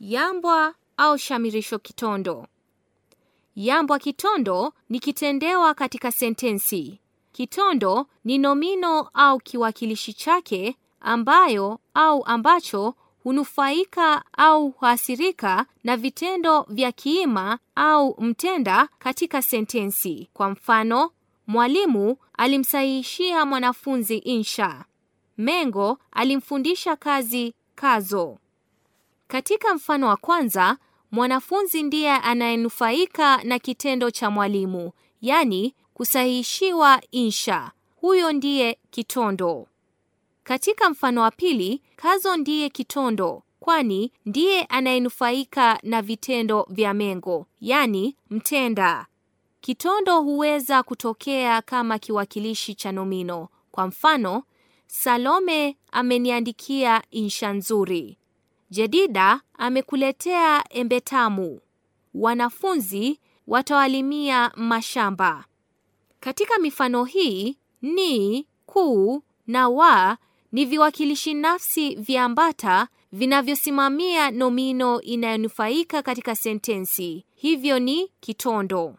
Yambwa au shamirisho kitondo. Yambwa kitondo ni kitendewa katika sentensi. Kitondo ni nomino au kiwakilishi chake ambayo au ambacho hunufaika au huasirika na vitendo vya kiima au mtenda katika sentensi. Kwa mfano, mwalimu alimsahihishia mwanafunzi insha. Mengo alimfundisha kazi kazo. Katika mfano wa kwanza, mwanafunzi ndiye anayenufaika na kitendo cha mwalimu, yaani kusahihishiwa insha. Huyo ndiye kitondo. Katika mfano wa pili, Kazo ndiye kitondo kwani ndiye anayenufaika na vitendo vya mengo, yaani mtenda. Kitondo huweza kutokea kama kiwakilishi cha nomino. Kwa mfano, Salome ameniandikia insha nzuri. Jedida amekuletea embe tamu, wanafunzi watawalimia mashamba. Katika mifano hii, ni, ku na wa ni viwakilishi nafsi viambata vinavyosimamia nomino inayonufaika katika sentensi, hivyo ni kitondo.